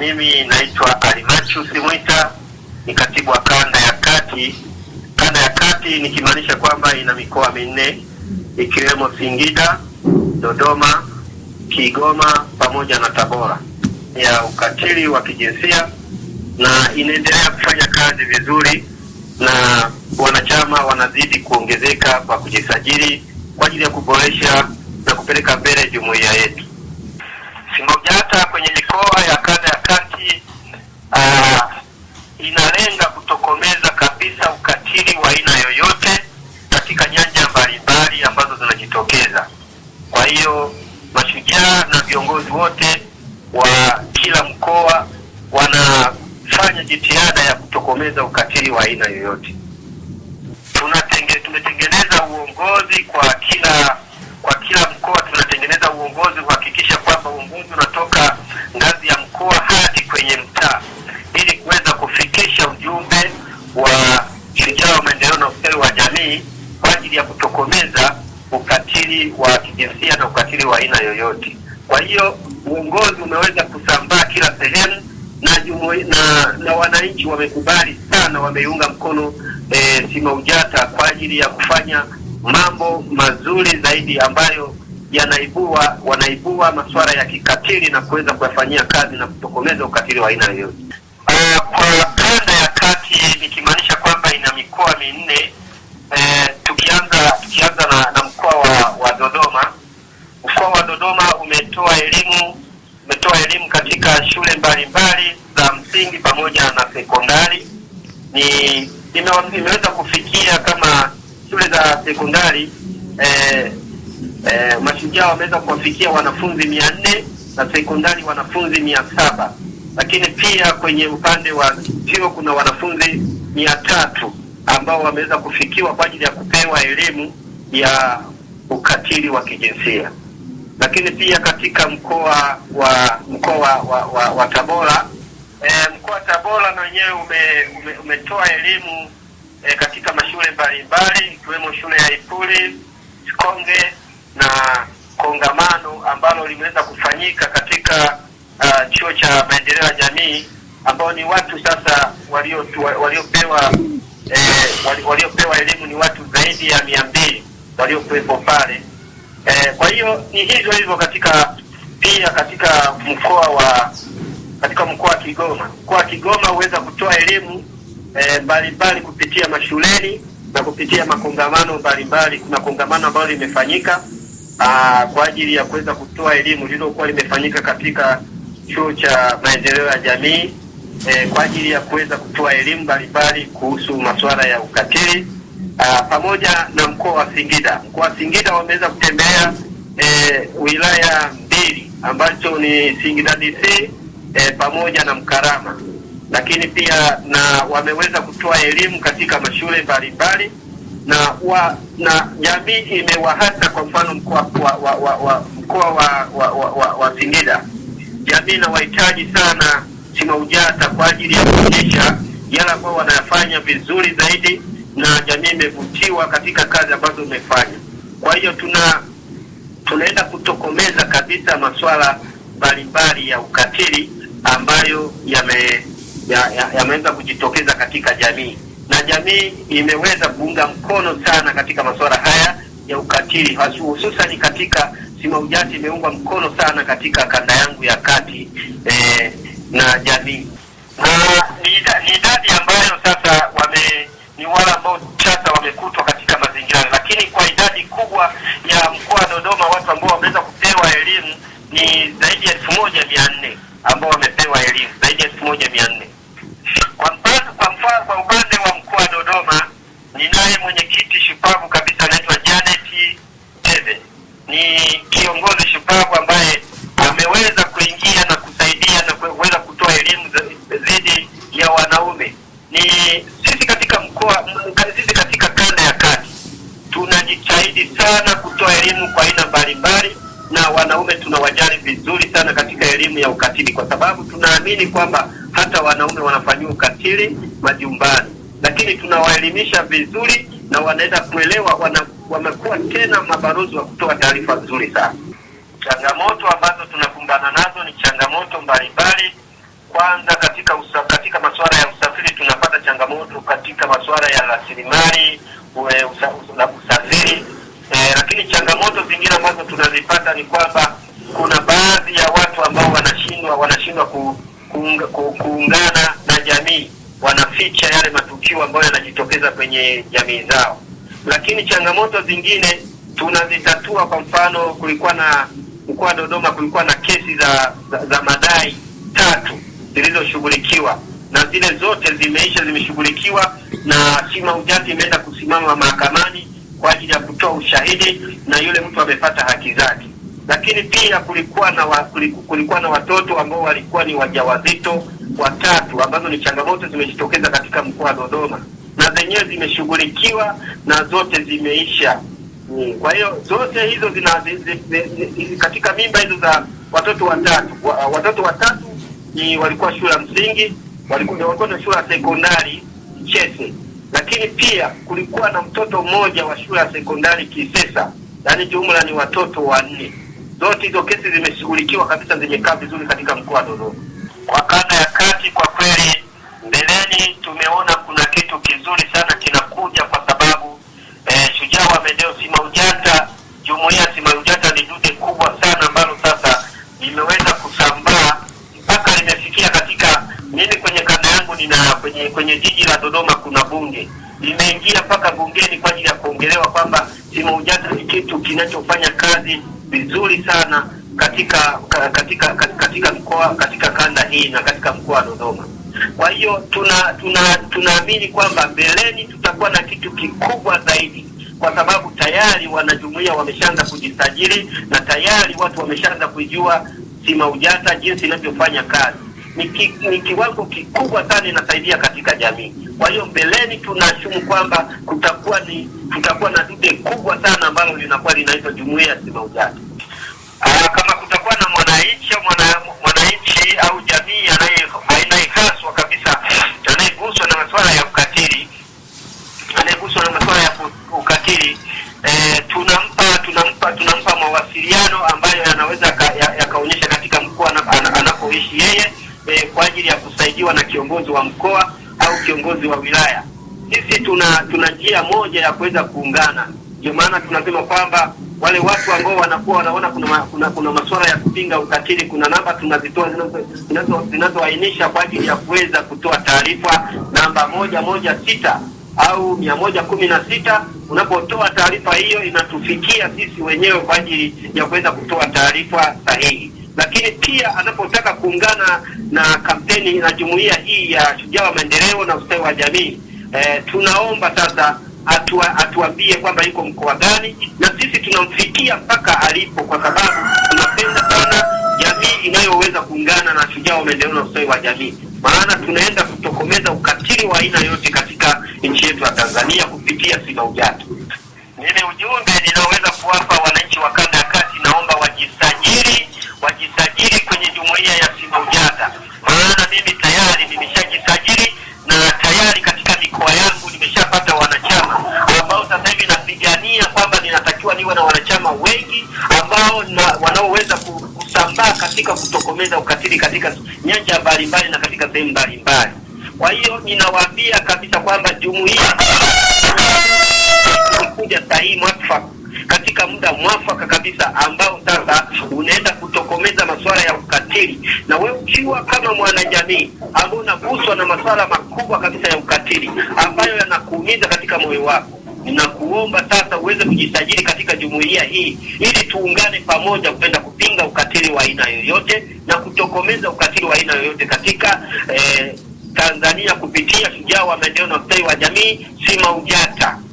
Mimi naitwa alimachu Mwita, ni katibu wa kanda ya kati. Kanda ya kati nikimaanisha kwamba ina mikoa minne ikiwemo Singida, Dodoma, Kigoma pamoja na Tabora ya ukatili wa kijinsia, na inaendelea kufanya kazi vizuri na wanachama wanazidi kuongezeka kwa kujisajili kwa ajili ya kuboresha na kupeleka mbele jumuiya yetu. Simbojata kwenye mikoa ya kutokomeza ukatili wa aina yoyote. Tunatenge, tumetengeneza uongozi kwa kila kwa kila mkoa, tunatengeneza uongozi kuhakikisha kwamba uongozi unatoka ngazi ya mkoa hadi kwenye mtaa ili kuweza kufikisha ujumbe wa shujaa wa maendeleo na ustawi wa jamii kwa ajili ya kutokomeza ukatili wa kijinsia na ukatili wa aina yoyote. Kwa hiyo uongozi umeweza kusambaa kila sehemu na jumu, na, na wananchi wamekubali sana, wameiunga mkono e, eh, Smaujata kwa ajili ya kufanya mambo mazuri zaidi ambayo yanaibua wanaibua masuala ya kikatili na kuweza kuyafanyia kazi na kutokomeza ukatili wa aina yoyote. Eh, kwa kanda ya kati nikimaanisha kwamba ina mikoa minne e, tukianza tukianza na, na mkoa wa sekondari eh, eh, mashujaa wameweza kuwafikia wanafunzi mia nne na sekondari wanafunzi mia saba lakini pia kwenye upande wa vyuo kuna wanafunzi mia tatu ambao wameweza kufikiwa kwa ajili ya kupewa elimu ya ukatili wa kijinsia. Lakini pia katika mkoa wa mkoa wa, wa, wa, wa Tabora e, mkoa wa Tabora na wenyewe ume, ume, umetoa elimu e, katika mashule mbalimbali ikiwemo shule ya Ipuli, Sikonge na kongamano ambalo limeweza kufanyika katika uh, chuo cha maendeleo ya jamii ambao ni watu sasa waliopewa waliopewa eh, waliopewa elimu ni watu zaidi ya mia mbili waliokuwepo pale eh, kwa hiyo ni hivyo hivyo katika pia katika mkoa wa katika mkoa wa Kigoma. Mkoa wa Kigoma huweza kutoa elimu Eh, mbalimbali e, kupitia mashuleni na kupitia makongamano mbalimbali. Kuna kongamano ambalo limefanyika ah, kwa ajili ya kuweza kutoa elimu lililokuwa limefanyika katika chuo cha maendeleo ya jamii e, kwa ajili ya kuweza kutoa elimu mbalimbali kuhusu masuala ya ukatili aa, ah, pamoja na mkoa wa Singida. Mkoa wa Singida wameweza kutembea e, eh, wilaya mbili ambacho ni Singida DC e, pamoja na Mkarama lakini pia na wameweza kutoa elimu katika mashule mbalimbali na wa, na jamii imewahasa. Kwa mfano mkoa wa, wa, wa, wa, mkoa wa, wa, wa, wa, wa Singida, jamii inawahitaji sana SMAUJATA kwa ajili ya kuonyesha yale ambayo wanayafanya vizuri zaidi, na jamii imevutiwa katika kazi ambazo imefanya. Kwa hiyo tuna tunaenda kutokomeza kabisa masuala mbalimbali ya ukatili ambayo yame yameweza ya, ya kujitokeza katika jamii na jamii imeweza kuunga mkono sana katika masuala haya ya ukatili, hususan katika simaujati imeungwa mkono sana katika kanda yangu ya kati eh, na jamii na ni idadi ambayo sasa wame ni wale ambao sasa wamekutwa katika mazingira, lakini kwa idadi kubwa ya mkoa wa Dodoma watu ambao tunajitahidi sana kutoa elimu kwa aina mbalimbali, na wanaume tunawajali vizuri sana katika elimu ya ukatili, kwa sababu tunaamini kwamba hata wanaume wanafanyiwa ukatili majumbani, lakini tunawaelimisha vizuri na wanaweza kuelewa wana, wamekuwa tena mabalozi wa kutoa taarifa nzuri sana. Changamoto ambazo tunakumbana nazo ni changamoto mbalimbali. Kwanza katika usa, katika masuala ya usafiri tunapata changamoto katika masuala ya rasilimali usafiri eh, lakini changamoto zingine ambazo tunazipata ni kwamba kuna baadhi ya watu ambao wanashindwa wanashindwa ku, kuunga, ku, kuungana na jamii, wanaficha yale matukio ambayo yanajitokeza kwenye jamii zao. Lakini changamoto zingine tunazitatua. Kwa mfano, kulikuwa na mkoa wa Dodoma kulikuwa na kesi za, za, za madai tatu zilizoshughulikiwa na zile zote zimeisha, zimeshughulikiwa na sima Ujati imeenda kusimama mahakamani kwa ajili ya kutoa ushahidi na yule mtu amepata haki zake. Lakini pia kulikuwa na wa, kulikuwa na watoto ambao walikuwa ni wajawazito watatu, ambazo ni changamoto zimejitokeza katika mkoa wa Dodoma, na zenyewe zimeshughulikiwa na zote zimeisha. Mm, kwa hiyo zote hizo zina zi, zi, zi, zi, katika mimba hizo za watoto watatu, watoto watatu ni walikuwa shule ya msingi walikuja watoto shule ya sekondari Chese, lakini pia kulikuwa na mtoto mmoja wa shule ya sekondari Kisesa, yaani jumla ni watoto wanne. Zote hizo kesi zimeshughulikiwa kabisa, zimekaa vizuri katika mkoa wa Dodoma. Kwa kanda ya kati, kwa kweli mbeleni tumeona kuna kitu kizuri sana kina bunge mmeingia mpaka bungeni kwa ajili ya kuongelewa kwamba simu ujanja ni kitu kinachofanya kazi vizuri sana katika katika katika mkoa katika kanda hii na katika mkoa wa Dodoma. Kwa hiyo tuna tuna tunaamini kwamba mbeleni tutakuwa na kitu kikubwa zaidi, kwa sababu tayari wanajumuiya wameshaanza kujisajili na tayari watu wameshaanza kujua sima ujata jinsi inavyofanya kazi ni, ki, ni kiwango kikubwa sana, inasaidia katika jamii. Kwa hiyo mbeleni tunashumu kwamba kutakuwa ni kutakuwa na dude kubwa sana ambalo linakuwa linaitwa jumuiya ya simaujadi. Ah, kama kutakuwa na mwananchi mwananchi au jamii anayekaswa viongozi wa wilaya, sisi tuna tuna njia moja ya kuweza kuungana. Ndio maana tunasema kwamba wale watu ambao wanakuwa wanaona kuna, kuna, kuna masuala ya kupinga ukatili, kuna namba tunazitoa zinazoainisha kwa ajili ya kuweza kutoa taarifa, namba moja moja sita au mia moja kumi na sita. Unapotoa taarifa hiyo inatufikia sisi wenyewe kwa ajili ya kuweza kutoa taarifa sahihi, lakini pia anapotaka kuungana na kampeni na jumuiya hii ya Shujaa wa Maendeleo na Ustawi wa Jamii e, tunaomba sasa atua, atuambie kwamba yuko mkoa gani, na sisi tunamfikia mpaka alipo, kwa sababu tunapenda sana jamii inayoweza kuungana na Shujaa wa Maendeleo na Ustawi wa Jamii, maana tunaenda kutokomeza ukatili wa aina yote katika nchi yetu ya Tanzania kupitia Sima Ujatu. Nini ujumbe ninaoweza kuwapa wananchi wa kanda nyanja mbalimbali na katika sehemu mbalimbali. Kwa hiyo ninawaambia kabisa kwamba jumuiya kuja sahihi mwafaka katika muda mwafaka kabisa ambao sasa unaenda kutokomeza masuala ya ukatili. Na wewe ukiwa kama mwanajamii ambao unaguswa na masuala makubwa kabisa ya ukatili ambayo yanakuumiza katika moyo wako ninakuomba sasa uweze kujisajili katika jumuiya hii ili tuungane pamoja kwenda kupinga ukatili wa aina yoyote na kutokomeza ukatili wa aina yoyote katika eh, Tanzania kupitia Shujaa wa Maendeleo na Ustawi wa Jamii Ujata.